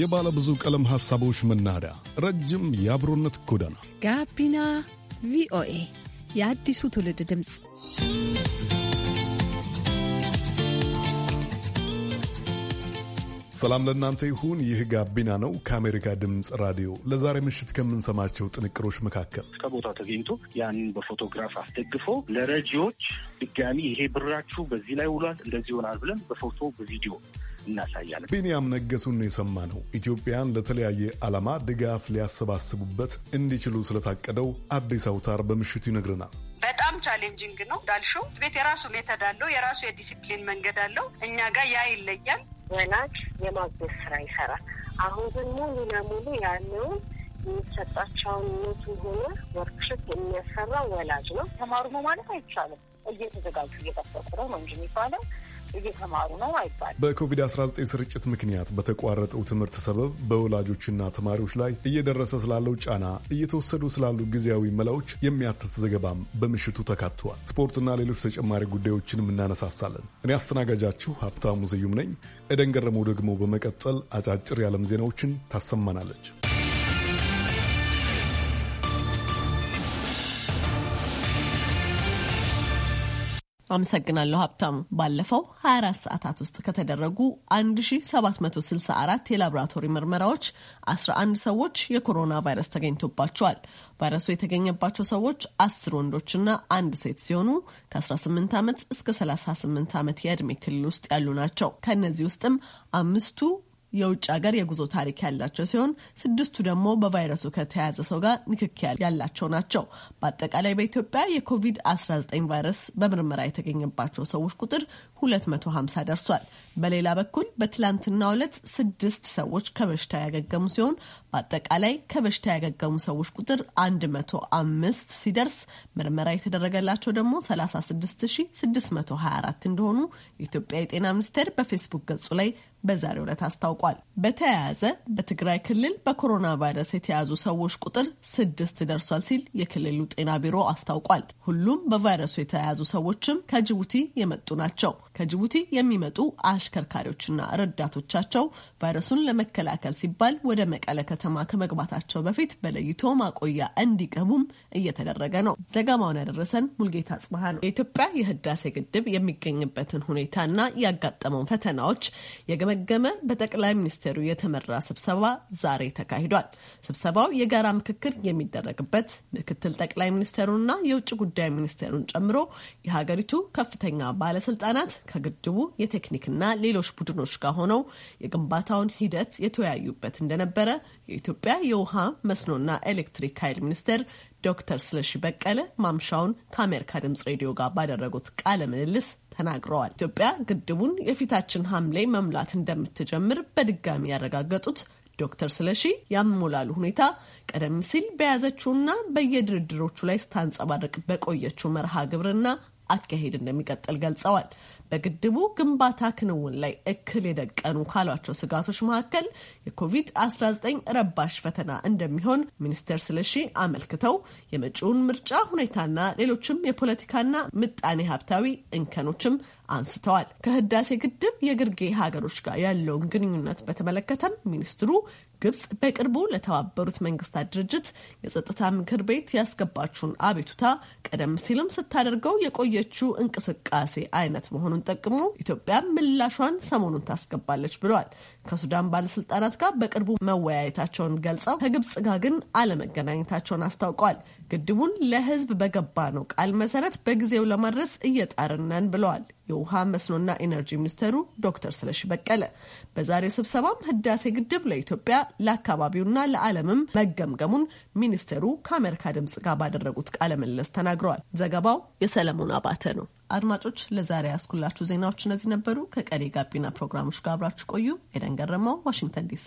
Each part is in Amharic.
የባለ ብዙ ቀለም ሐሳቦች መናኸሪያ፣ ረጅም የአብሮነት ጎዳና ጋቢና ቪኦኤ የአዲሱ ትውልድ ድምፅ። ሰላም ለእናንተ ይሁን። ይህ ጋቢና ነው ከአሜሪካ ድምፅ ራዲዮ። ለዛሬ ምሽት ከምንሰማቸው ጥንቅሮች መካከል ከቦታ ተገኝቶ ያንን በፎቶግራፍ አስደግፎ ለረጂዎች ድጋሚ ይሄ ብራችሁ በዚህ ላይ ውሏል እንደዚህ ይሆናል ብለን በፎቶ በቪዲዮ እናሳያለን። ቢንያም ነገሱን ነው የሰማነው። ኢትዮጵያን ለተለያየ ዓላማ ድጋፍ ሊያሰባስቡበት እንዲችሉ ስለታቀደው አዲስ አውታር በምሽቱ ይነግረናል። በጣም ቻሌንጂንግ ነው እንዳልሽው፣ ቤት የራሱ ሜተድ አለው፣ የራሱ የዲሲፕሊን መንገድ አለው። እኛ ጋር ያ ይለያል። ወላጅ የማገዝ ስራ ይሰራል። አሁን ግን ሙሉ ለሙሉ ያለውን የሚሰጣቸውን ኖቱ ሆነ ወርክሽፕ የሚያሰራ ወላጅ ነው። ተማሩ ነው ማለት አይቻልም። እየተዘጋጁ እየጠበቁ ነው ነው እንጂ የሚባለው እየተማሩ ነው አይባል። በኮቪድ-19 ስርጭት ምክንያት በተቋረጠው ትምህርት ሰበብ በወላጆችና ተማሪዎች ላይ እየደረሰ ስላለው ጫና፣ እየተወሰዱ ስላሉ ጊዜያዊ መላዎች የሚያትት ዘገባም በምሽቱ ተካቷል። ስፖርትና ሌሎች ተጨማሪ ጉዳዮችንም እናነሳሳለን። እኔ አስተናጋጃችሁ ሀብታሙ ስዩም ነኝ። ኤደን ገረመው ደግሞ በመቀጠል አጫጭር የዓለም ዜናዎችን ታሰማናለች። አመሰግናለሁ ሀብታም። ባለፈው 24 ሰዓታት ውስጥ ከተደረጉ 1764 የላቦራቶሪ ምርመራዎች 11 ሰዎች የኮሮና ቫይረስ ተገኝቶባቸዋል። ቫይረሱ የተገኘባቸው ሰዎች አስር ወንዶችና አንድ ሴት ሲሆኑ ከ18 ዓመት እስከ 38 ዓመት የዕድሜ ክልል ውስጥ ያሉ ናቸው። ከእነዚህ ውስጥም አምስቱ የውጭ ሀገር የጉዞ ታሪክ ያላቸው ሲሆን ስድስቱ ደግሞ በቫይረሱ ከተያዘ ሰው ጋር ንክክ ያላቸው ናቸው። በአጠቃላይ በኢትዮጵያ የኮቪድ-19 ቫይረስ በምርመራ የተገኘባቸው ሰዎች ቁጥር 250 ደርሷል። በሌላ በኩል በትላንትናው ዕለት ስድስት ሰዎች ከበሽታ ያገገሙ ሲሆን በአጠቃላይ ከበሽታ ያገገሙ ሰዎች ቁጥር 105 ሲደርስ ምርመራ የተደረገላቸው ደግሞ 36624 እንደሆኑ የኢትዮጵያ የጤና ሚኒስቴር በፌስቡክ ገጹ ላይ በዛሬው ዕለት አስታውቋል። በተያያዘ በትግራይ ክልል በኮሮና ቫይረስ የተያዙ ሰዎች ቁጥር ስድስት ደርሷል ሲል የክልሉ ጤና ቢሮ አስታውቋል። ሁሉም በቫይረሱ የተያያዙ ሰዎችም ከጅቡቲ የመጡ ናቸው። ከጅቡቲ የሚመጡ አሽከርካሪዎችና ረዳቶቻቸው ቫይረሱን ለመከላከል ሲባል ወደ መቀለ ከተማ ከመግባታቸው በፊት በለይቶ ማቆያ እንዲገቡም እየተደረገ ነው። ዘገባውን ያደረሰን ሙልጌታ ጽባህ ነው። የኢትዮጵያ የህዳሴ ግድብ የሚገኝበትን ሁኔታና ያጋጠመውን ፈተናዎች የተገመገመ በጠቅላይ ሚኒስትሩ የተመራ ስብሰባ ዛሬ ተካሂዷል። ስብሰባው የጋራ ምክክር የሚደረግበት ምክትል ጠቅላይ ሚኒስትሩና የውጭ ጉዳይ ሚኒስትሩን ጨምሮ የሀገሪቱ ከፍተኛ ባለስልጣናት ከግድቡ የቴክኒክና ሌሎች ቡድኖች ጋር ሆነው የግንባታውን ሂደት የተወያዩበት እንደነበረ የኢትዮጵያ የውሃ መስኖና ኤሌክትሪክ ኃይል ሚኒስቴር ዶክተር ስለሺ በቀለ ማምሻውን ከአሜሪካ ድምጽ ሬዲዮ ጋር ባደረጉት ቃለ ምልልስ ተናግረዋል። ኢትዮጵያ ግድቡን የፊታችን ሐምሌ መሙላት እንደምትጀምር በድጋሚ ያረጋገጡት ዶክተር ስለሺ ያሞላሉ ሁኔታ ቀደም ሲል በያዘችውና በየድርድሮቹ ላይ ስታንጸባርቅ በቆየችው መርሃ ግብርና አካሄድ እንደሚቀጥል ገልጸዋል። በግድቡ ግንባታ ክንውን ላይ እክል የደቀኑ ካሏቸው ስጋቶች መካከል የኮቪድ-19 ረባሽ ፈተና እንደሚሆን ሚኒስትር ስለሺ አመልክተው የመጪውን ምርጫ ሁኔታና ሌሎችም የፖለቲካና ምጣኔ ሀብታዊ እንከኖችም አንስተዋል። ከህዳሴ ግድብ የግርጌ ሀገሮች ጋር ያለውን ግንኙነት በተመለከተም ሚኒስትሩ ግብጽ በቅርቡ ለተባበሩት መንግስታት ድርጅት የጸጥታ ምክር ቤት ያስገባችውን አቤቱታ ቀደም ሲልም ስታደርገው የቆየችው እንቅስቃሴ አይነት መሆኑን ጠቅሞ ኢትዮጵያ ምላሿን ሰሞኑን ታስገባለች ብለዋል። ከሱዳን ባለስልጣናት ጋር በቅርቡ መወያየታቸውን ገልጸው ከግብጽ ጋር ግን አለመገናኘታቸውን አስታውቀዋል። ግድቡን ለህዝብ በገባ ነው ቃል መሰረት በጊዜው ለማድረስ እየጣርን ብለዋል። የውሃ መስኖና ኤነርጂ ሚኒስተሩ ዶክተር ስለሺ በቀለ በዛሬው ስብሰባም ህዳሴ ግድብ ለኢትዮጵያ ለአካባቢውና ለዓለምም መገምገሙን ሚኒስተሩ ከአሜሪካ ድምጽ ጋር ባደረጉት ቃለ ምልልስ ተናግረዋል። ዘገባው የሰለሞን አባተ ነው። አድማጮች ለዛሬ ያስኩላችሁ ዜናዎች እነዚህ ነበሩ። ከቀሪ ጋቢና ፕሮግራሞች ጋር አብራችሁ ቆዩ። ኤደን ገረመው፣ ዋሽንግተን ዲሲ።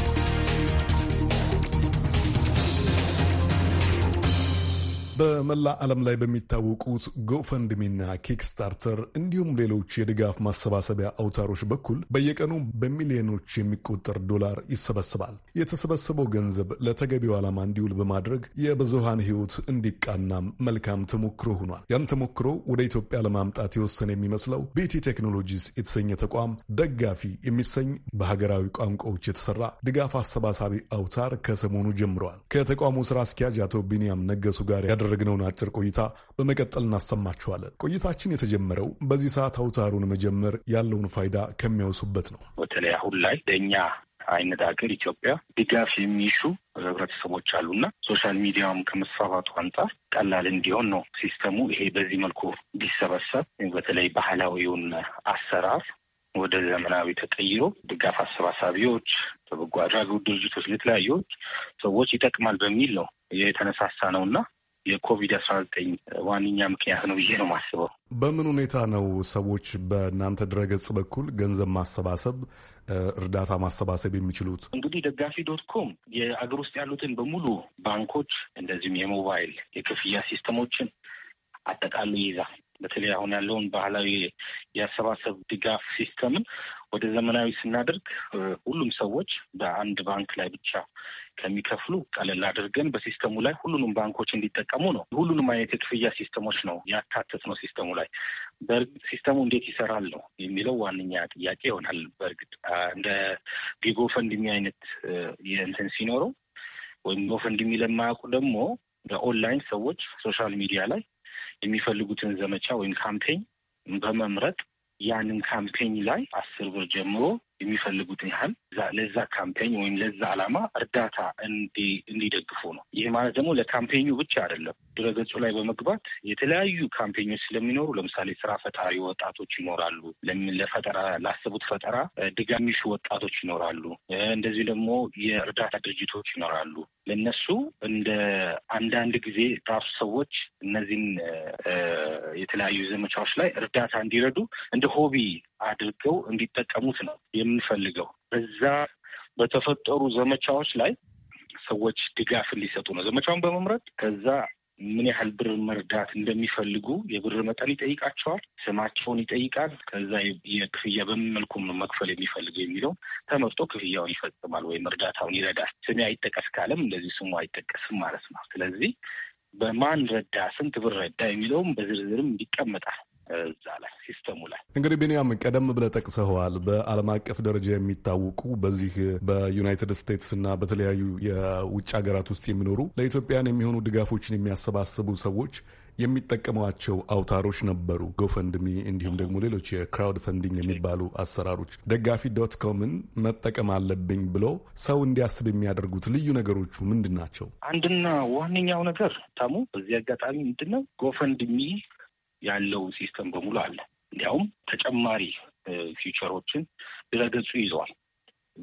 በመላ ዓለም ላይ በሚታወቁት ጎፈንድሚና ኪክስታርተር እንዲሁም ሌሎች የድጋፍ ማሰባሰቢያ አውታሮች በኩል በየቀኑ በሚሊዮኖች የሚቆጠር ዶላር ይሰበስባል። የተሰበሰበው ገንዘብ ለተገቢው ዓላማ እንዲውል በማድረግ የብዙሃን ሕይወት እንዲቃናም መልካም ተሞክሮ ሆኗል። ያን ተሞክሮ ወደ ኢትዮጵያ ለማምጣት የወሰነ የሚመስለው ቤቲ ቴክኖሎጂስ የተሰኘ ተቋም ደጋፊ የሚሰኝ በሀገራዊ ቋንቋዎች የተሰራ ድጋፍ አሰባሳቢ አውታር ከሰሞኑ ጀምረዋል። ከተቋሙ ስራ አስኪያጅ አቶ ቢንያም ነገሱ ጋር ያደረ ያደረግነውን አጭር ቆይታ በመቀጠል እናሰማችኋለን። ቆይታችን የተጀመረው በዚህ ሰዓት አውታሩን መጀመር ያለውን ፋይዳ ከሚያወሱበት ነው። በተለይ አሁን ላይ ለእኛ አይነት ሀገር ኢትዮጵያ ድጋፍ የሚሹ ህብረተሰቦች አሉና ሶሻል ሚዲያውም ከመስፋፋቱ አንጻር ቀላል እንዲሆን ነው ሲስተሙ። ይሄ በዚህ መልኩ ቢሰበሰብ በተለይ ባህላዊውን አሰራር ወደ ዘመናዊ ተቀይሮ ድጋፍ አሰባሳቢዎች፣ በበጎ አድራጎት ድርጅቶች፣ ለተለያዩ ሰዎች ይጠቅማል በሚል ነው የተነሳሳ ነው እና የኮቪድ አስራ ዘጠኝ ዋነኛ ምክንያት ነው ብዬ ነው የማስበው። በምን ሁኔታ ነው ሰዎች በእናንተ ድረገጽ በኩል ገንዘብ ማሰባሰብ እርዳታ ማሰባሰብ የሚችሉት? እንግዲህ ደጋፊ ዶት ኮም የአገር ውስጥ ያሉትን በሙሉ ባንኮች፣ እንደዚሁም የሞባይል የክፍያ ሲስተሞችን አጠቃሉ ይይዛል። በተለይ አሁን ያለውን ባህላዊ የአሰባሰብ ድጋፍ ሲስተምን ወደ ዘመናዊ ስናደርግ ሁሉም ሰዎች በአንድ ባንክ ላይ ብቻ ከሚከፍሉ ቀለል አድርገን በሲስተሙ ላይ ሁሉንም ባንኮች እንዲጠቀሙ ነው። ሁሉንም አይነት የክፍያ ሲስተሞች ነው ያካተት ነው ሲስተሙ ላይ። በእርግጥ ሲስተሙ እንዴት ይሰራል ነው የሚለው ዋነኛ ጥያቄ ይሆናል። በእርግጥ እንደ ቢጎፈንድሚ አይነት የእንትን ሲኖረው ወይም ጎፈንድሚ ለማያውቁ ደግሞ በኦንላይን ሰዎች ሶሻል ሚዲያ ላይ የሚፈልጉትን ዘመቻ ወይም ካምፔኝ በመምረጥ ያንን ካምፔኝ ላይ አስር ብር ጀምሮ የሚፈልጉትን ያህል ለዛ ካምፔኝ ወይም ለዛ ዓላማ እርዳታ እንዲደግፉ ነው። ይህ ማለት ደግሞ ለካምፔኙ ብቻ አይደለም ድረገጹ ላይ በመግባት የተለያዩ ካምፔኞች ስለሚኖሩ ለምሳሌ ስራ ፈጣሪ ወጣቶች ይኖራሉ። ለፈጠራ ላሰቡት ፈጠራ ድጋሚሹ የሚሹ ወጣቶች ይኖራሉ። እንደዚህ ደግሞ የእርዳታ ድርጅቶች ይኖራሉ። ለእነሱ እንደ አንዳንድ ጊዜ ራሱ ሰዎች እነዚህን የተለያዩ ዘመቻዎች ላይ እርዳታ እንዲረዱ እንደ ሆቢ አድርገው እንዲጠቀሙት ነው የምንፈልገው። በዛ በተፈጠሩ ዘመቻዎች ላይ ሰዎች ድጋፍ እንዲሰጡ ነው ዘመቻውን በመምረጥ ከዛ ምን ያህል ብር መርዳት እንደሚፈልጉ የብር መጠን ይጠይቃቸዋል፣ ስማቸውን ይጠይቃል። ከዛ የክፍያ በምን መልኩ መክፈል የሚፈልገው የሚለው ተመርጦ ክፍያውን ይፈጽማል ወይም እርዳታውን ይረዳል። ስሜ አይጠቀስ ካለም እንደዚህ ስሙ አይጠቀስም ማለት ነው። ስለዚህ በማን ረዳ፣ ስንት ብር ረዳ የሚለውም በዝርዝርም ይቀመጣል። እዛ ላይ ሲስተሙ ላይ እንግዲህ ቢኒያም ቀደም ብለህ ጠቅሰኸዋል። በዓለም አቀፍ ደረጃ የሚታወቁ በዚህ በዩናይትድ ስቴትስ እና በተለያዩ የውጭ ሀገራት ውስጥ የሚኖሩ ለኢትዮጵያን የሚሆኑ ድጋፎችን የሚያሰባስቡ ሰዎች የሚጠቀሟቸው አውታሮች ነበሩ። ጎፈንድሚ እንዲሁም ደግሞ ሌሎች የክራውድ ፈንዲንግ የሚባሉ አሰራሮች ደጋፊ ዶት ኮምን መጠቀም አለብኝ ብሎ ሰው እንዲያስብ የሚያደርጉት ልዩ ነገሮቹ ምንድን ናቸው? አንድና ዋነኛው ነገር ታሙ በዚህ አጋጣሚ ምንድነው ጎፈንድሚ ያለው ሲስተም በሙሉ አለ። እንዲያውም ተጨማሪ ፊውቸሮችን ድረገጹ ይዘዋል።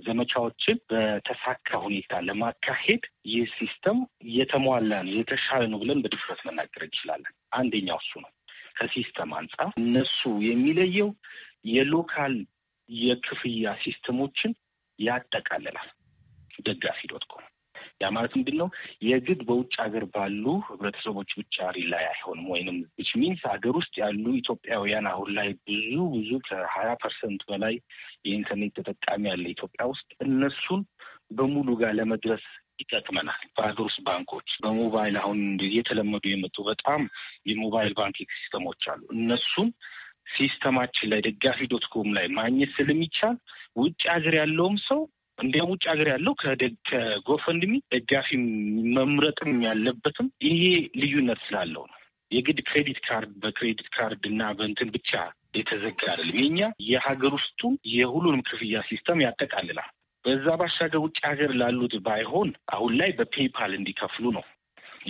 ዘመቻዎችን በተሳካ ሁኔታ ለማካሄድ ይህ ሲስተም የተሟላ ነው፣ የተሻለ ነው ብለን በድፍረት መናገር እንችላለን። አንደኛው እሱ ነው። ከሲስተም አንጻር እነሱ የሚለየው የሎካል የክፍያ ሲስተሞችን ያጠቃልላል። ደጋፊ ዶት ኮም ያ ማለት ምንድን ነው? የግድ በውጭ ሀገር ባሉ ህብረተሰቦች ብቻ ሪላይ አይሆንም። ወይንም ዊች ሚንስ ሀገር ውስጥ ያሉ ኢትዮጵያውያን አሁን ላይ ብዙ ብዙ ከሀያ ፐርሰንት በላይ የኢንተርኔት ተጠቃሚ ያለ ኢትዮጵያ ውስጥ እነሱን በሙሉ ጋር ለመድረስ ይጠቅመናል። በሀገር ውስጥ ባንኮች በሞባይል አሁን እየተለመዱ የመጡ በጣም የሞባይል ባንኪንግ ሲስተሞች አሉ። እነሱን ሲስተማችን ላይ ደጋፊ ዶት ኮም ላይ ማግኘት ስለሚቻል ውጭ ሀገር ያለውም ሰው እንዲያም ውጭ ሀገር ያለው ከጎፈንድሚ ደጋፊ መምረጥም ያለበትም ይሄ ልዩነት ስላለው ነው። የግድ ክሬዲት ካርድ በክሬዲት ካርድ እና በእንትን ብቻ የተዘጋ አይደለም። የኛ የሀገር ውስጡም የሁሉንም ክፍያ ሲስተም ያጠቃልላል። በዛ ባሻገር ውጭ ሀገር ላሉት ባይሆን አሁን ላይ በፔይፓል እንዲከፍሉ ነው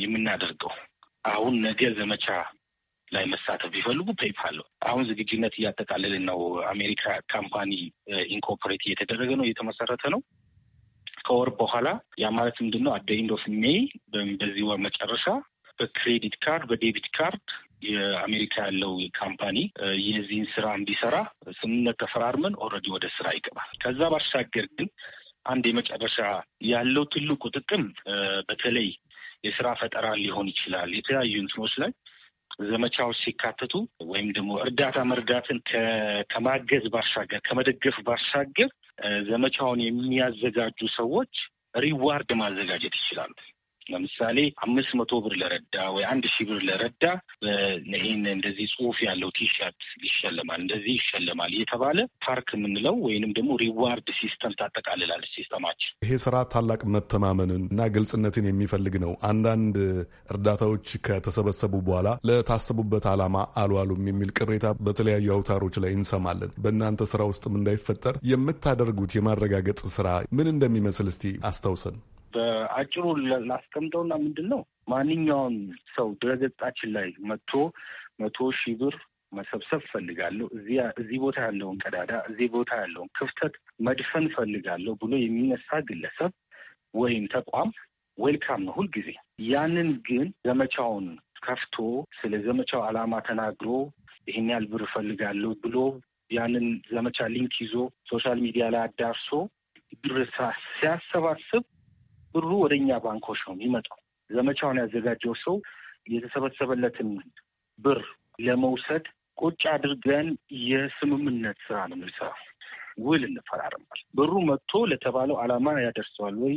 የምናደርገው። አሁን ነገ ዘመቻ ላይ መሳተፍ ቢፈልጉ ፔይፓል አሁን ዝግጁነት እያጠቃለልን ነው። አሜሪካ ካምፓኒ ኢንኮርፖሬት እየተደረገ ነው፣ እየተመሰረተ ነው። ከወር በኋላ ያ ማለት ምንድን ነው? አደ ኢንድ ኦፍ ሜይ በዚህ ወር መጨረሻ በክሬዲት ካርድ በዴቢት ካርድ የአሜሪካ ያለው ካምፓኒ የዚህን ስራ እንዲሰራ ስምምነት ተፈራርመን ኦልሬዲ ወደ ስራ ይገባል። ከዛ ባሻገር ግን አንድ የመጨረሻ ያለው ትልቁ ጥቅም በተለይ የስራ ፈጠራ ሊሆን ይችላል። የተለያዩ እንትኖች ላይ ዘመቻዎች ሲካተቱ ወይም ደግሞ እርዳታ መርዳትን ከማገዝ ባሻገር ከመደገፍ ባሻገር ዘመቻውን የሚያዘጋጁ ሰዎች ሪዋርድ ማዘጋጀት ይችላሉ። ለምሳሌ አምስት መቶ ብር ለረዳ ወይ አንድ ሺህ ብር ለረዳ ይህን እንደዚህ ጽሁፍ ያለው ቲሸርት ይሸለማል፣ እንደዚህ ይሸለማል እየተባለ ፓርክ የምንለው ወይንም ደግሞ ሪዋርድ ሲስተም ታጠቃልላለች ሲስተማችን። ይሄ ስራ ታላቅ መተማመንን እና ግልጽነትን የሚፈልግ ነው። አንዳንድ እርዳታዎች ከተሰበሰቡ በኋላ ለታሰቡበት አላማ አልዋሉም የሚል ቅሬታ በተለያዩ አውታሮች ላይ እንሰማለን። በእናንተ ስራ ውስጥም እንዳይፈጠር የምታደርጉት የማረጋገጥ ስራ ምን እንደሚመስል እስቲ አስታውሰን። በአጭሩ ላስቀምጠውና ምንድን ነው ማንኛውም ሰው ድረገጻችን ላይ መጥቶ መቶ ሺህ ብር መሰብሰብ ፈልጋለሁ፣ እዚህ ቦታ ያለውን ቀዳዳ፣ እዚህ ቦታ ያለውን ክፍተት መድፈን ፈልጋለሁ ብሎ የሚነሳ ግለሰብ ወይም ተቋም ዌልካም ነው ሁልጊዜ። ያንን ግን ዘመቻውን ከፍቶ ስለ ዘመቻው ዓላማ ተናግሮ ይህን ያህል ብር እፈልጋለሁ ብሎ ያንን ዘመቻ ሊንክ ይዞ ሶሻል ሚዲያ ላይ አዳርሶ ብር ሲያሰባስብ ብሩ ወደ እኛ ባንኮች ነው የሚመጣው። ዘመቻውን ያዘጋጀው ሰው የተሰበሰበለትን ብር ለመውሰድ ቁጭ አድርገን የስምምነት ስራ ነው የምንሰራው። ውል እንፈራረማል። ብሩ መጥቶ ለተባለው አላማ ያደርሰዋል ወይ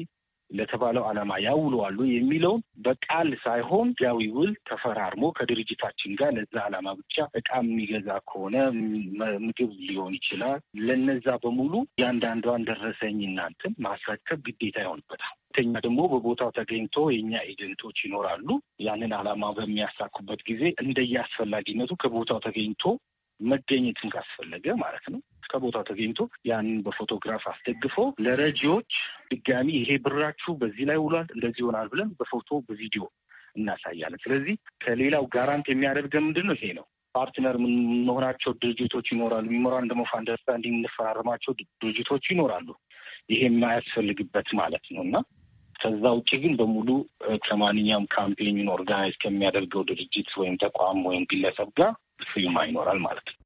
ለተባለው ዓላማ ያውለዋሉ የሚለውን በቃል ሳይሆን ሕጋዊ ውል ተፈራርሞ ከድርጅታችን ጋር ለዛ ዓላማ ብቻ እቃ የሚገዛ ከሆነ ምግብ ሊሆን ይችላል። ለነዛ በሙሉ እያንዳንዷን ደረሰኝ እናንትን ማስረከብ ግዴታ ይሆንበታል። ሁለተኛ ደግሞ በቦታው ተገኝቶ የኛ ኤጀንቶች ይኖራሉ። ያንን ዓላማ በሚያሳኩበት ጊዜ እንደየ አስፈላጊነቱ ከቦታው ተገኝቶ መገኘትም ካስፈለገ ማለት ነው ከቦታው ተገኝቶ ያንን በፎቶግራፍ አስደግፎ ለረጂዎች ድጋሚ ይሄ ብራችሁ በዚህ ላይ ውሏል፣ እንደዚህ ይሆናል ብለን በፎቶ በቪዲዮ እናሳያለን። ስለዚህ ከሌላው ጋራንት የሚያደርገን ምንድን ነው? ይሄ ነው። ፓርትነር የምንሆናቸው ድርጅቶች ይኖራሉ። ሜሞራንደም ኦፍ አንደርስታንዲንግ የምንፈራረማቸው ድርጅቶች ይኖራሉ። ይሄ የማያስፈልግበት ማለት ነው እና ከዛ ውጭ ግን በሙሉ ከማንኛውም ካምፔኙን ኦርጋናይዝ ከሚያደርገው ድርጅት ወይም ተቋም ወይም ግለሰብ ጋር ስዩማ ይኖራል ማለት ነው።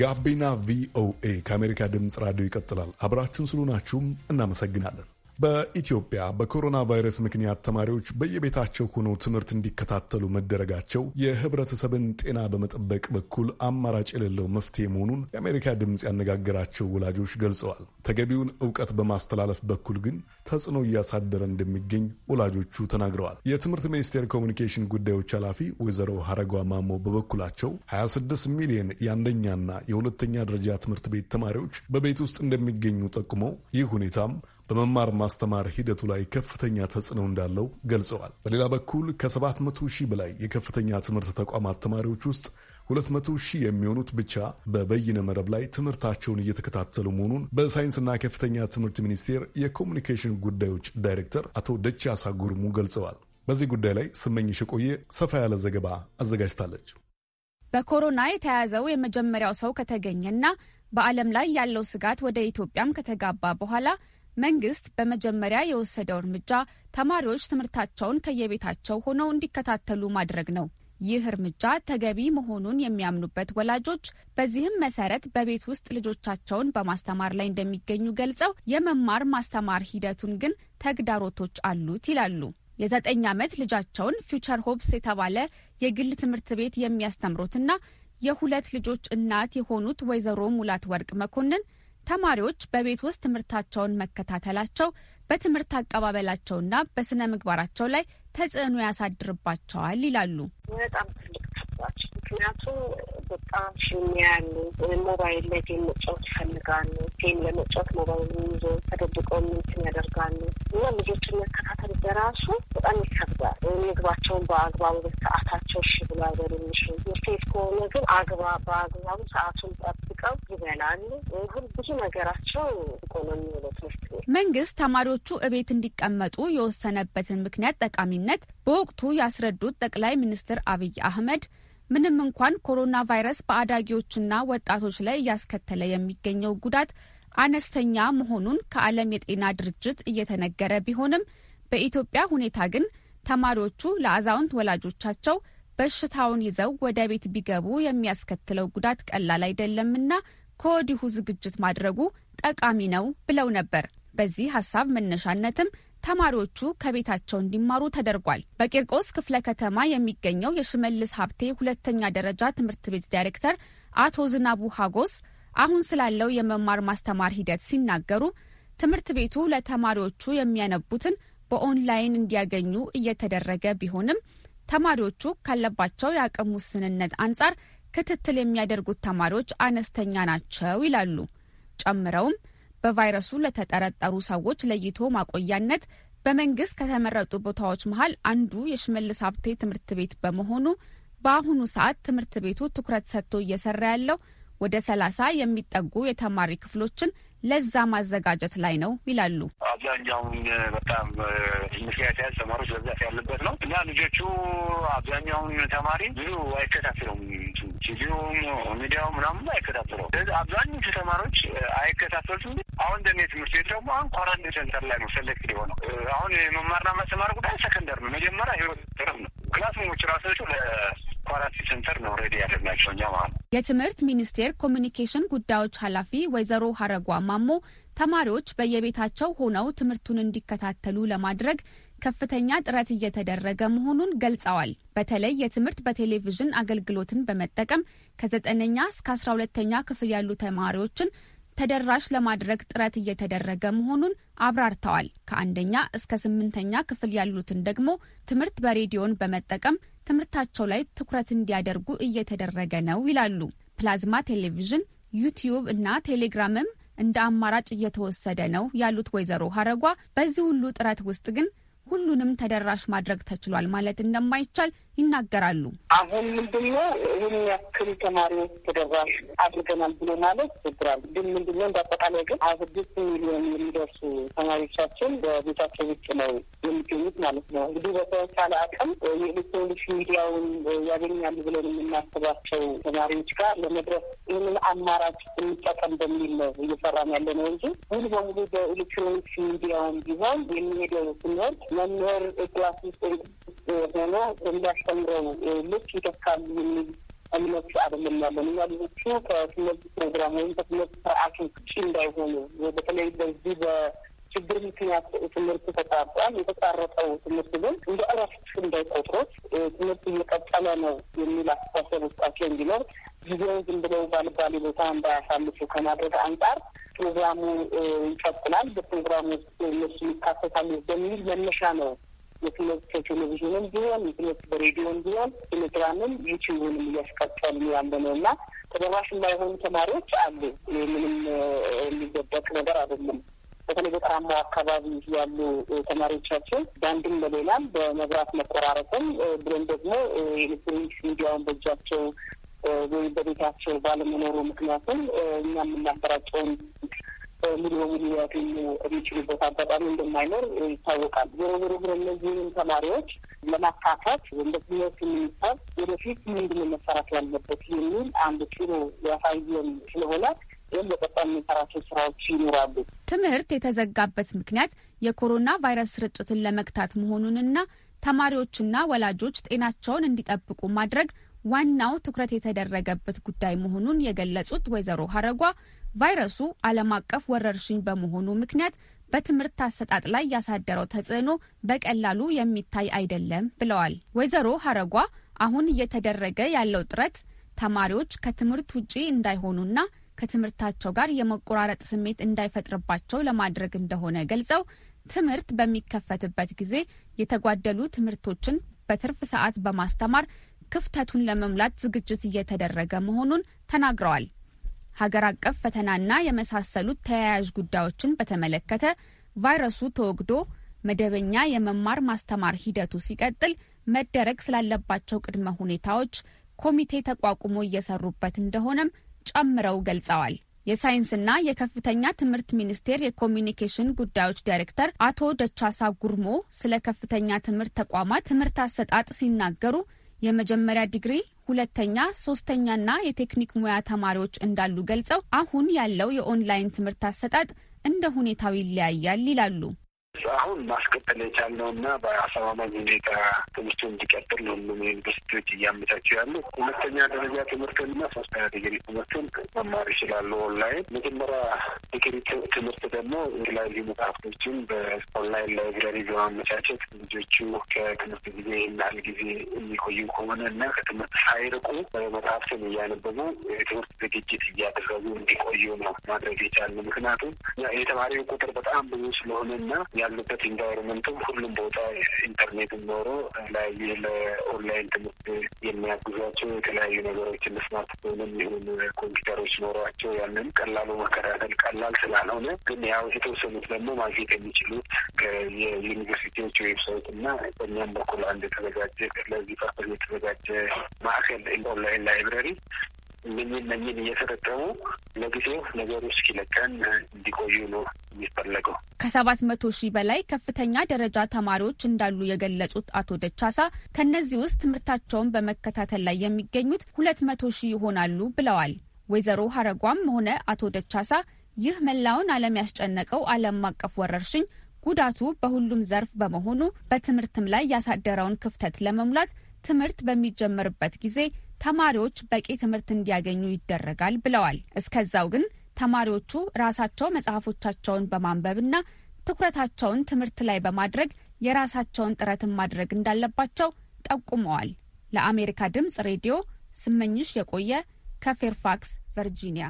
ጋቢና ቪኦኤ ከአሜሪካ ድምፅ ራዲዮ ይቀጥላል። አብራችሁን ስለሆናችሁም እናመሰግናለን። በኢትዮጵያ በኮሮና ቫይረስ ምክንያት ተማሪዎች በየቤታቸው ሆነው ትምህርት እንዲከታተሉ መደረጋቸው የህብረተሰብን ጤና በመጠበቅ በኩል አማራጭ የሌለው መፍትሄ መሆኑን የአሜሪካ ድምፅ ያነጋገራቸው ወላጆች ገልጸዋል። ተገቢውን እውቀት በማስተላለፍ በኩል ግን ተጽዕኖ እያሳደረ እንደሚገኝ ወላጆቹ ተናግረዋል። የትምህርት ሚኒስቴር ኮሚኒኬሽን ጉዳዮች ኃላፊ ወይዘሮ ሀረጓ ማሞ በበኩላቸው 26 ሚሊዮን የአንደኛና የሁለተኛ ደረጃ ትምህርት ቤት ተማሪዎች በቤት ውስጥ እንደሚገኙ ጠቁመው ይህ ሁኔታም በመማር ማስተማር ሂደቱ ላይ ከፍተኛ ተጽዕኖ እንዳለው ገልጸዋል። በሌላ በኩል ከ700 ሺህ በላይ የከፍተኛ ትምህርት ተቋማት ተማሪዎች ውስጥ 200 ሺህ የሚሆኑት ብቻ በበይነ መረብ ላይ ትምህርታቸውን እየተከታተሉ መሆኑን በሳይንስና ከፍተኛ ትምህርት ሚኒስቴር የኮሚኒኬሽን ጉዳዮች ዳይሬክተር አቶ ደቻሳ ጉርሙ ገልጸዋል። በዚህ ጉዳይ ላይ ስመኝሽ የቆየ ሰፋ ያለ ዘገባ አዘጋጅታለች። በኮሮና የተያዘው የመጀመሪያው ሰው ከተገኘና በዓለም ላይ ያለው ስጋት ወደ ኢትዮጵያም ከተጋባ በኋላ መንግስት በመጀመሪያ የወሰደው እርምጃ ተማሪዎች ትምህርታቸውን ከየቤታቸው ሆነው እንዲከታተሉ ማድረግ ነው። ይህ እርምጃ ተገቢ መሆኑን የሚያምኑበት ወላጆች በዚህም መሰረት በቤት ውስጥ ልጆቻቸውን በማስተማር ላይ እንደሚገኙ ገልጸው የመማር ማስተማር ሂደቱን ግን ተግዳሮቶች አሉት ይላሉ። የዘጠኝ ዓመት ልጃቸውን ፊውቸር ሆፕስ የተባለ የግል ትምህርት ቤት የሚያስተምሩትና የሁለት ልጆች እናት የሆኑት ወይዘሮ ሙላት ወርቅ መኮንን ተማሪዎች በቤት ውስጥ ትምህርታቸውን መከታተላቸው በትምህርት አቀባበላቸውና በስነ ምግባራቸው ላይ ተጽዕኖ ያሳድርባቸዋል ይላሉ። በጣም ትልቅ ምክንያቱ በጣም ፊልም ያሉ ሞባይል ላይ ጌም መጫወት ይፈልጋሉ። ጌም ለመጫወት ሞባይል ይዞ ተደብቀው ምንትን ያደርጋሉ እና ልጆችን መከታተል በራሱ በጣም ይከብዳል። ምግባቸውን በአግባቡ በሰዓታቸው እሺ ብሎ አይበሉልሽ። ሴት ከሆነ ግን አግባ በአግባቡ ሰዓቱን ጠብቀው ይበላሉ። ሁል ብዙ ነገራቸው ኢኮኖሚ ነው። ትምህርት ቤት መንግስት ተማሪዎቹ እቤት እንዲቀመጡ የወሰነበትን ምክንያት ጠቃሚነት በወቅቱ ያስረዱት ጠቅላይ ሚኒስትር አብይ አህመድ ምንም እንኳን ኮሮና ቫይረስ በአዳጊዎችና ወጣቶች ላይ እያስከተለ የሚገኘው ጉዳት አነስተኛ መሆኑን ከዓለም የጤና ድርጅት እየተነገረ ቢሆንም በኢትዮጵያ ሁኔታ ግን ተማሪዎቹ ለአዛውንት ወላጆቻቸው በሽታውን ይዘው ወደ ቤት ቢገቡ የሚያስከትለው ጉዳት ቀላል አይደለምና ከወዲሁ ዝግጅት ማድረጉ ጠቃሚ ነው ብለው ነበር። በዚህ ሀሳብ መነሻነትም ተማሪዎቹ ከቤታቸው እንዲማሩ ተደርጓል። በቂርቆስ ክፍለ ከተማ የሚገኘው የሽመልስ ሀብቴ ሁለተኛ ደረጃ ትምህርት ቤት ዳይሬክተር አቶ ዝናቡ ሀጎስ አሁን ስላለው የመማር ማስተማር ሂደት ሲናገሩ ትምህርት ቤቱ ለተማሪዎቹ የሚያነቡትን በኦንላይን እንዲያገኙ እየተደረገ ቢሆንም ተማሪዎቹ ካለባቸው የአቅም ውስንነት አንጻር ክትትል የሚያደርጉት ተማሪዎች አነስተኛ ናቸው ይላሉ። ጨምረውም በቫይረሱ ለተጠረጠሩ ሰዎች ለይቶ ማቆያነት በመንግስት ከተመረጡ ቦታዎች መሀል አንዱ የሽመልስ ሀብቴ ትምህርት ቤት በመሆኑ በአሁኑ ሰዓት ትምህርት ቤቱ ትኩረት ሰጥቶ እየሰራ ያለው ወደ ሰላሳ የሚጠጉ የተማሪ ክፍሎችን ለዛ ማዘጋጀት ላይ ነው ይላሉ። አብዛኛውን በጣም ምክንያት ያዝ ተማሪዎች በብዛት ያለበት ነው እና ልጆቹ አብዛኛውን ተማሪ ብዙ አይከታተለውም። ቲቪው ነው ሚዲያው ምናምን አይከታተለው። ስለዚህ አብዛኞቹ ተማሪዎች አይከታተሉትም። አሁን እንደኔ ትምህርት ቤት ደግሞ አሁን ኳራንቲን ሴንተር ላይ ነው ሴሌክት የሆነው። አሁን የመማርና ማስተማር ጉዳይ ሰከንደር ነው፣ መጀመሪያ ህይወት ጥረት ነው። ክላስሞች ራሳቸው ኳራንቲን ሴንተር ነው ሬዲ ያደርግናቸው እኛ ማለት ነው። የትምህርት ሚኒስቴር ኮሚኒኬሽን ጉዳዮች ኃላፊ ወይዘሮ ሀረጓ ማሞ ተማሪዎች በየቤታቸው ሆነው ትምህርቱን እንዲከታተሉ ለማድረግ ከፍተኛ ጥረት እየተደረገ መሆኑን ገልጸዋል። በተለይ የትምህርት በቴሌቪዥን አገልግሎትን በመጠቀም ከዘጠነኛ እስከ አስራ ሁለተኛ ክፍል ያሉ ተማሪዎችን ተደራሽ ለማድረግ ጥረት እየተደረገ መሆኑን አብራርተዋል። ከአንደኛ እስከ ስምንተኛ ክፍል ያሉትን ደግሞ ትምህርት በሬዲዮን በመጠቀም ትምህርታቸው ላይ ትኩረት እንዲያደርጉ እየተደረገ ነው ይላሉ። ፕላዝማ ቴሌቪዥን፣ ዩቲዩብ እና ቴሌግራምም እንደ አማራጭ እየተወሰደ ነው ያሉት ወይዘሮ ሀረጓ በዚህ ሁሉ ጥረት ውስጥ ግን ሁሉንም ተደራሽ ማድረግ ተችሏል ማለት እንደማይቻል ይናገራሉ። አሁን ምንድነው ይህን ያክል ተማሪዎች ተደራሽ አድርገናል ብሎ ማለት ችግራል። ግን ምንድነው እንደ ግን ሀያ ስድስት ሚሊዮን የሚደርሱ ተማሪዎቻችን በቤታቸው ውጭ ነው የሚገኙት ማለት ነው። እንግዲህ በተቻለ አቅም የኤሌክትሮኒክስ ሚዲያውን ያገኛሉ ብለን የምናስባቸው ተማሪዎች ጋር ለመድረስ ይህንን አማራጭ እንጠቀም በሚል ነው እየሰራን ያለ ነው እንጂ ሙሉ በሙሉ በኤሌክትሮኒክስ ሚዲያውን ቢሆን የሚሄደው ትምህርት መምህር ክላስ ውስጥ ሆኖ እንዳሽ ጨምረው ልክ ይተካሉ የሚል እምነት አደለም ያለን እና ልጆቹ ከትምህርት ፕሮግራም ወይም ከትምህርት ስርዓቱ ውጭ እንዳይሆኑ በተለይ በዚህ በችግር ምክንያት ትምህርት ተቋርጧል። የተቋረጠው ትምህርት ግን እንደ እረፍት እንዳይቆጥሩት ትምህርት እየቀጠለ ነው የሚል አስተሳሰብ ውስጣቸው እንዲኖር ጊዜውን ዝም ብለው ባልባሌ ቦታ እንዳያሳልፉ ከማድረግ አንጻር ፕሮግራሙ ይቀጥላል፣ በፕሮግራሙ ውስጥ እነሱ ይካተታሉ በሚል መነሻ ነው የትምህርት ከቴሌቪዥንም ቢሆን የትምህርት በሬዲዮን ቢሆን ቴሌግራምም ዩቲዩብንም እያስቀጠል ያለ ነው እና ተደራሽ የማይሆኑ ተማሪዎች አሉ። ምንም የሚደበቅ ነገር አይደለም። በተለይ ገጠራማው አካባቢ ያሉ ተማሪዎቻችን በአንድም በሌላም በመብራት መቆራረጥም ብለን ደግሞ ኤሌክትሮኒክስ ሚዲያውን በእጃቸው ወይም በቤታቸው ባለመኖሩ ምክንያቱም እኛ የምናሰራጨውን ሙሉ በሙሉ ያገኙ የሚችሉበት አጋጣሚ እንደማይኖር ይታወቃል። ዞሮ ዞሮ ግን እነዚህም ተማሪዎች ለማካፋት ወይም በትምህርት ሚኒስቴር ወደፊት ምንድን መሰራት ያለበት የሚል አንድ ጥሩ ያሳየን ስለሆነ ይህም በቀጣይ የሚሰራቸው ስራዎች ይኖራሉ። ትምህርት የተዘጋበት ምክንያት የኮሮና ቫይረስ ስርጭትን ለመግታት መሆኑንና ተማሪዎችና ወላጆች ጤናቸውን እንዲጠብቁ ማድረግ ዋናው ትኩረት የተደረገበት ጉዳይ መሆኑን የገለጹት ወይዘሮ ሀረጓ ቫይረሱ ዓለም አቀፍ ወረርሽኝ በመሆኑ ምክንያት በትምህርት አሰጣጥ ላይ ያሳደረው ተጽዕኖ በቀላሉ የሚታይ አይደለም ብለዋል ወይዘሮ ሀረጓ። አሁን እየተደረገ ያለው ጥረት ተማሪዎች ከትምህርት ውጪ እንዳይሆኑና ከትምህርታቸው ጋር የመቆራረጥ ስሜት እንዳይፈጥርባቸው ለማድረግ እንደሆነ ገልጸው ትምህርት በሚከፈትበት ጊዜ የተጓደሉ ትምህርቶችን በትርፍ ሰዓት በማስተማር ክፍተቱን ለመሙላት ዝግጅት እየተደረገ መሆኑን ተናግረዋል። ሀገር አቀፍ ፈተናና የመሳሰሉት ተያያዥ ጉዳዮችን በተመለከተ ቫይረሱ ተወግዶ መደበኛ የመማር ማስተማር ሂደቱ ሲቀጥል መደረግ ስላለባቸው ቅድመ ሁኔታዎች ኮሚቴ ተቋቁሞ እየሰሩበት እንደሆነም ጨምረው ገልጸዋል። የሳይንስና የከፍተኛ ትምህርት ሚኒስቴር የኮሚኒኬሽን ጉዳዮች ዳይሬክተር አቶ ደቻሳ ጉርሞ ስለ ከፍተኛ ትምህርት ተቋማት ትምህርት አሰጣጥ ሲናገሩ የመጀመሪያ ዲግሪ ሁለተኛ፣ ሶስተኛና የቴክኒክ ሙያ ተማሪዎች እንዳሉ ገልጸው አሁን ያለው የኦንላይን ትምህርት አሰጣጥ እንደ ሁኔታው ይለያያል ይላሉ። አሁን ማስቀጠል የቻልነው እና በአስተማማኝ ሁኔታ ትምህርቱ እንዲቀጥል ነው ሁሉም ዩኒቨርሲቲዎች እያመቻቸው ያሉ። ሁለተኛ ደረጃ ትምህርትን እና ሶስተኛ ዲግሪ ትምህርትን መማር ይችላሉ ኦንላይን። መጀመሪያ ዲግሪ ትምህርት ደግሞ የተለያዩ መጽሐፍቶችን በኦንላይን ላይብራሪ በማመቻቸት ልጆቹ ከትምህርት ጊዜ ይናል ጊዜ የሚቆዩ ከሆነ እና ከትምህርት ሳይርቁ መጽሐፍትን እያነበቡ የትምህርት ዝግጅት እያደረጉ እንዲቆዩ ነው ማድረግ የቻልነው። ምክንያቱም የተማሪው ቁጥር በጣም ብዙ ስለሆነ እና ያሉበት ኢንቫይሮመንቱም ሁሉም ቦታ ኢንተርኔት ኖሮ ላይ ለኦንላይን ትምህርት የሚያግዟቸው የተለያዩ ነገሮች ስማርት ፎንም ይሁን ኮምፒውተሮች ኖሯቸው ያንን ቀላሉ መከታተል ቀላል ስላልሆነ ግን ያው የተወሰኑት ደግሞ ማግኘት የሚችሉት የዩኒቨርሲቲዎች ዌብሳይት እና በእኛም በኩል አንድ የተዘጋጀ ለዚህ ፐርፐዝ የተዘጋጀ ማዕከል ኦንላይን ላይብረሪ እነኝን እነኝን እየተጠቀሙ ለጊዜው ነገሩ እስኪለቀን እንዲቆዩ ነው የሚፈለገው። ከሰባት መቶ ሺህ በላይ ከፍተኛ ደረጃ ተማሪዎች እንዳሉ የገለጹት አቶ ደቻሳ ከእነዚህ ውስጥ ትምህርታቸውን በመከታተል ላይ የሚገኙት ሁለት መቶ ሺህ ይሆናሉ ብለዋል። ወይዘሮ ሀረጓም ሆነ አቶ ደቻሳ ይህ መላውን ዓለም ያስጨነቀው ዓለም አቀፍ ወረርሽኝ ጉዳቱ በሁሉም ዘርፍ በመሆኑ በትምህርትም ላይ ያሳደረውን ክፍተት ለመሙላት ትምህርት በሚጀመርበት ጊዜ ተማሪዎች በቂ ትምህርት እንዲያገኙ ይደረጋል ብለዋል። እስከዛው ግን ተማሪዎቹ ራሳቸው መጽሐፎቻቸውን በማንበብና ትኩረታቸውን ትምህርት ላይ በማድረግ የራሳቸውን ጥረትን ማድረግ እንዳለባቸው ጠቁመዋል። ለአሜሪካ ድምጽ ሬዲዮ ስመኝሽ የቆየ ከፌርፋክስ ቨርጂኒያ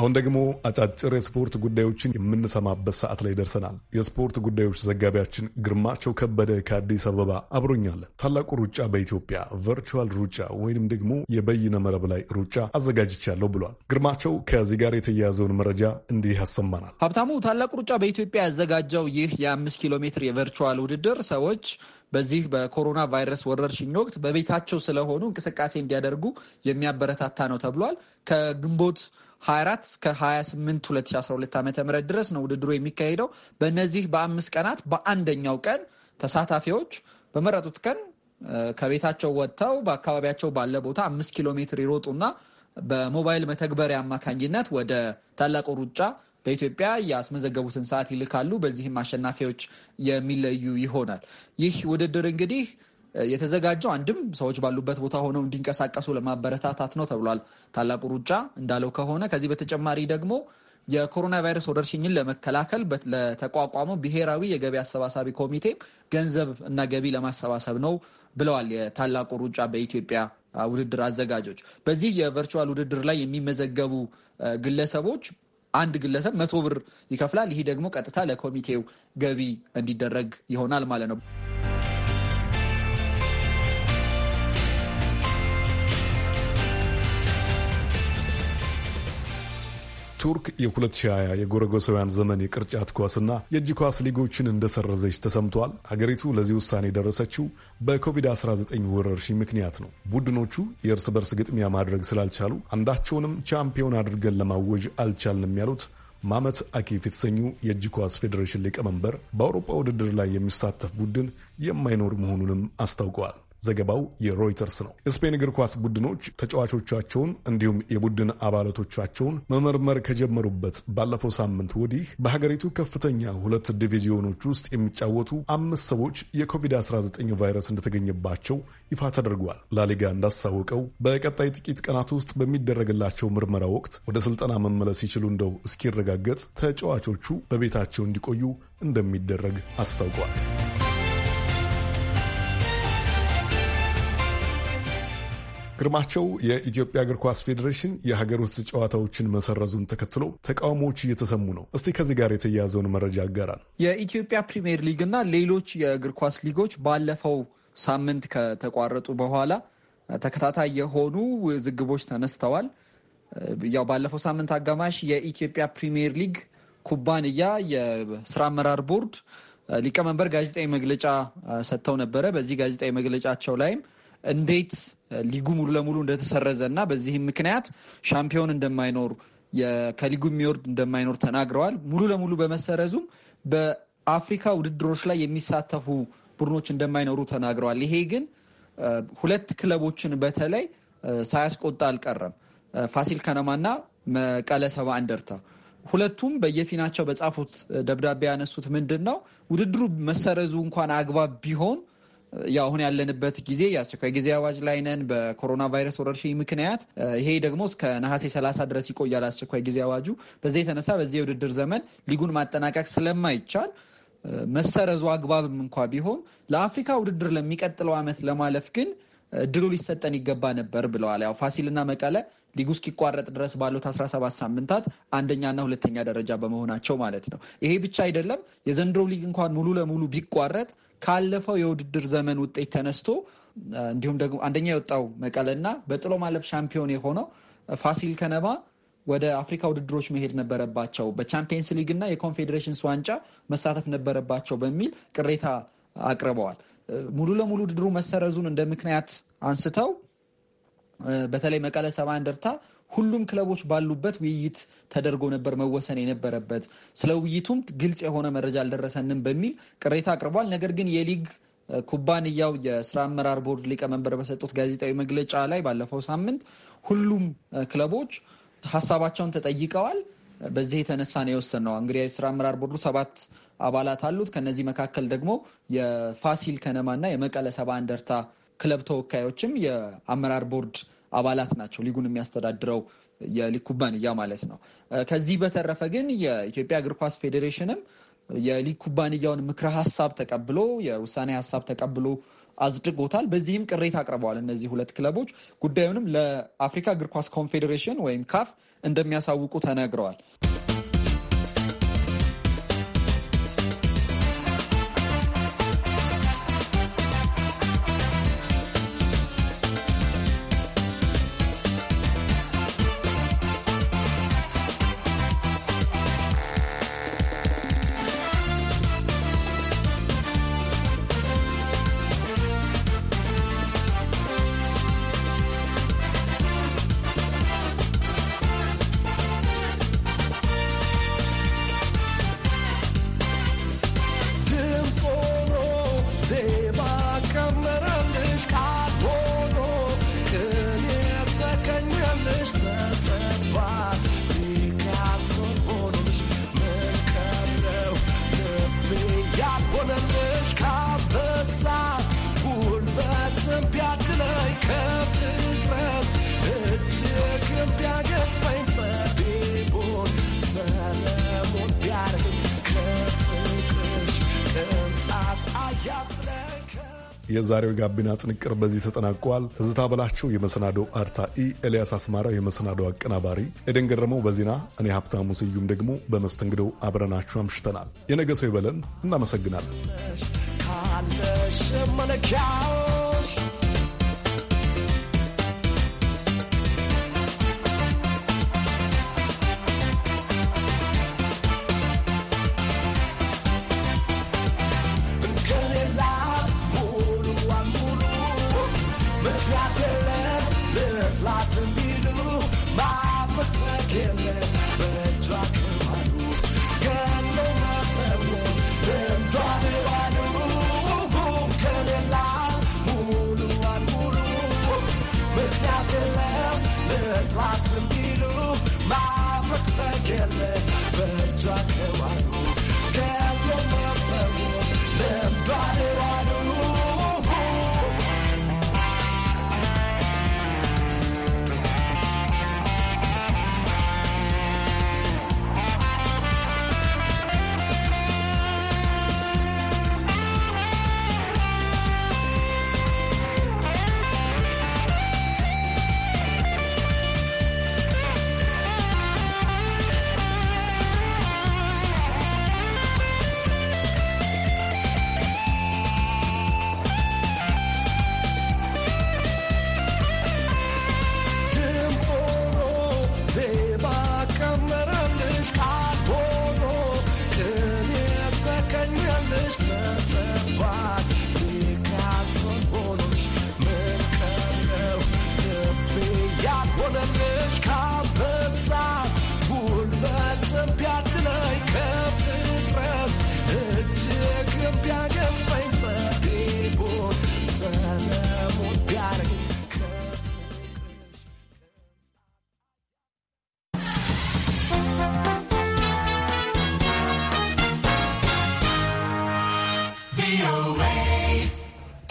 አሁን ደግሞ አጫጭር የስፖርት ጉዳዮችን የምንሰማበት ሰዓት ላይ ደርሰናል። የስፖርት ጉዳዮች ዘጋቢያችን ግርማቸው ከበደ ከአዲስ አበባ አብሮኛለ። ታላቁ ሩጫ በኢትዮጵያ ቨርቹዋል ሩጫ ወይንም ደግሞ የበይነ መረብ ላይ ሩጫ አዘጋጅቻለሁ ብሏል። ግርማቸው ከዚህ ጋር የተያያዘውን መረጃ እንዲህ ያሰማናል። ሀብታሙ፣ ታላቁ ሩጫ በኢትዮጵያ ያዘጋጀው ይህ የአምስት ኪሎ ሜትር የቨርቹዋል ውድድር ሰዎች በዚህ በኮሮና ቫይረስ ወረርሽኝ ወቅት በቤታቸው ስለሆኑ እንቅስቃሴ እንዲያደርጉ የሚያበረታታ ነው ተብሏል ከግንቦት 24 እስከ 28 2012 ዓ ም ድረስ ነው ውድድሩ የሚካሄደው። በእነዚህ በአምስት ቀናት በአንደኛው ቀን ተሳታፊዎች በመረጡት ቀን ከቤታቸው ወጥተው በአካባቢያቸው ባለ ቦታ አምስት ኪሎ ሜትር ይሮጡና በሞባይል መተግበሪያ አማካኝነት ወደ ታላቁ ሩጫ በኢትዮጵያ ያስመዘገቡትን ሰዓት ይልካሉ። በዚህም አሸናፊዎች የሚለዩ ይሆናል። ይህ ውድድር እንግዲህ የተዘጋጀው አንድም ሰዎች ባሉበት ቦታ ሆነው እንዲንቀሳቀሱ ለማበረታታት ነው ተብሏል። ታላቁ ሩጫ እንዳለው ከሆነ ከዚህ በተጨማሪ ደግሞ የኮሮና ቫይረስ ወረርሽኝን ለመከላከል ለተቋቋመው ብሔራዊ የገቢ አሰባሳቢ ኮሚቴ ገንዘብ እና ገቢ ለማሰባሰብ ነው ብለዋል። የታላቁ ሩጫ በኢትዮጵያ ውድድር አዘጋጆች በዚህ የቨርቹዋል ውድድር ላይ የሚመዘገቡ ግለሰቦች አንድ ግለሰብ መቶ ብር ይከፍላል። ይህ ደግሞ ቀጥታ ለኮሚቴው ገቢ እንዲደረግ ይሆናል ማለት ነው። ቱርክ የ2020 የጎረጎሰውያን ዘመን የቅርጫት ኳስና የእጅ ኳስ ሊጎችን እንደሰረዘች ተሰምቷል። ሀገሪቱ ለዚህ ውሳኔ የደረሰችው በኮቪድ-19 ወረርሽኝ ምክንያት ነው። ቡድኖቹ የእርስ በርስ ግጥሚያ ማድረግ ስላልቻሉ አንዳቸውንም ቻምፒዮን አድርገን ለማወጅ አልቻልንም ያሉት ማመት አኪፍ የተሰኙ የእጅ ኳስ ፌዴሬሽን ሊቀመንበር በአውሮፓ ውድድር ላይ የሚሳተፍ ቡድን የማይኖር መሆኑንም አስታውቀዋል። ዘገባው የሮይተርስ ነው። የስፔን እግር ኳስ ቡድኖች ተጫዋቾቻቸውን እንዲሁም የቡድን አባላቶቻቸውን መመርመር ከጀመሩበት ባለፈው ሳምንት ወዲህ በሀገሪቱ ከፍተኛ ሁለት ዲቪዚዮኖች ውስጥ የሚጫወቱ አምስት ሰዎች የኮቪድ-19 ቫይረስ እንደተገኘባቸው ይፋ ተደርጓል። ላሊጋ እንዳስታወቀው በቀጣይ ጥቂት ቀናት ውስጥ በሚደረግላቸው ምርመራ ወቅት ወደ ስልጠና መመለስ ይችሉ እንደው እስኪረጋገጥ ተጫዋቾቹ በቤታቸው እንዲቆዩ እንደሚደረግ አስታውቋል። ግርማቸው የኢትዮጵያ እግር ኳስ ፌዴሬሽን የሀገር ውስጥ ጨዋታዎችን መሰረዙን ተከትሎ ተቃውሞዎች እየተሰሙ ነው። እስቲ ከዚህ ጋር የተያያዘውን መረጃ አጋራል። የኢትዮጵያ ፕሪምየር ሊግ እና ሌሎች የእግር ኳስ ሊጎች ባለፈው ሳምንት ከተቋረጡ በኋላ ተከታታይ የሆኑ ውዝግቦች ተነስተዋል። ያው ባለፈው ሳምንት አጋማሽ የኢትዮጵያ ፕሪምየር ሊግ ኩባንያ የስራ አመራር ቦርድ ሊቀመንበር ጋዜጣዊ መግለጫ ሰጥተው ነበረ። በዚህ ጋዜጣዊ መግለጫቸው ላይም እንዴት ሊጉ ሙሉ ለሙሉ እንደተሰረዘ እና በዚህም ምክንያት ሻምፒዮን እንደማይኖር ከሊጉ የሚወርድ እንደማይኖር ተናግረዋል። ሙሉ ለሙሉ በመሰረዙም በአፍሪካ ውድድሮች ላይ የሚሳተፉ ቡድኖች እንደማይኖሩ ተናግረዋል። ይሄ ግን ሁለት ክለቦችን በተለይ ሳያስቆጣ አልቀረም። ፋሲል ከነማና መቀለ ሰባ እንደርታ ሁለቱም በየፊናቸው በጻፉት ደብዳቤ ያነሱት ምንድን ነው ውድድሩ መሰረዙ እንኳን አግባብ ቢሆን ያው አሁን ያለንበት ጊዜ የአስቸኳይ ጊዜ አዋጅ ላይ ነን በኮሮና ቫይረስ ወረርሽኝ ምክንያት። ይሄ ደግሞ እስከ ነሐሴ 30 ድረስ ይቆያል አስቸኳይ ጊዜ አዋጁ። በዚህ የተነሳ በዚህ የውድድር ዘመን ሊጉን ማጠናቀቅ ስለማይቻል መሰረዙ አግባብም እንኳ ቢሆን ለአፍሪካ ውድድር ለሚቀጥለው ዓመት ለማለፍ ግን እድሉ ሊሰጠን ይገባ ነበር ብለዋል። ያው ፋሲልና መቀለ ሊጉ እስኪቋረጥ ድረስ ባሉት 17 ሳምንታት አንደኛና ሁለተኛ ደረጃ በመሆናቸው ማለት ነው። ይሄ ብቻ አይደለም። የዘንድሮ ሊግ እንኳን ሙሉ ለሙሉ ቢቋረጥ ካለፈው የውድድር ዘመን ውጤት ተነስቶ እንዲሁም ደግሞ አንደኛ የወጣው መቀለና በጥሎ ማለፍ ሻምፒዮን የሆነው ፋሲል ከነማ ወደ አፍሪካ ውድድሮች መሄድ ነበረባቸው፣ በቻምፒየንስ ሊግ እና የኮንፌዴሬሽንስ ዋንጫ መሳተፍ ነበረባቸው በሚል ቅሬታ አቅርበዋል። ሙሉ ለሙሉ ውድድሩ መሰረዙን እንደ ምክንያት አንስተው በተለይ መቀለ ሰባ እንደርታ ሁሉም ክለቦች ባሉበት ውይይት ተደርጎ ነበር መወሰን የነበረበት። ስለ ውይይቱም ግልጽ የሆነ መረጃ አልደረሰንም በሚል ቅሬታ አቅርቧል። ነገር ግን የሊግ ኩባንያው የስራ አመራር ቦርድ ሊቀመንበር በሰጡት ጋዜጣዊ መግለጫ ላይ ባለፈው ሳምንት ሁሉም ክለቦች ሀሳባቸውን ተጠይቀዋል። በዚህ የተነሳ ነው የወሰንነው። እንግዲህ የስራ አመራር ቦርዱ ሰባት አባላት አሉት። ከነዚህ መካከል ደግሞ የፋሲል ከነማና የመቀለ ሰባ እንደርታ ክለብ ተወካዮችም የአመራር ቦርድ አባላት ናቸው። ሊጉን የሚያስተዳድረው የሊግ ኩባንያ ማለት ነው። ከዚህ በተረፈ ግን የኢትዮጵያ እግር ኳስ ፌዴሬሽንም የሊግ ኩባንያውን ምክረ ሀሳብ ተቀብሎ የውሳኔ ሀሳብ ተቀብሎ አጽድቆታል። በዚህም ቅሬታ አቅርበዋል። እነዚህ ሁለት ክለቦች ጉዳዩንም ለአፍሪካ እግር ኳስ ኮንፌዴሬሽን ወይም ካፍ እንደሚያሳውቁ ተነግረዋል። የዛሬው የጋቢና ጥንቅር በዚህ ተጠናቋል። ትዝታ በላቸው የመሰናዶ አርታኢ፣ ኤልያስ አስማራ የመሰናዶ አቀናባሪ፣ ኤደን ገረመው በዜና እኔ ሀብታሙ ስዩም ደግሞ በመስተንግደው አብረናችሁ አምሽተናል። የነገ ሰው ይበለን። እናመሰግናለን።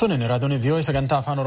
Ne, Radone, Radone VOS kantaa afaan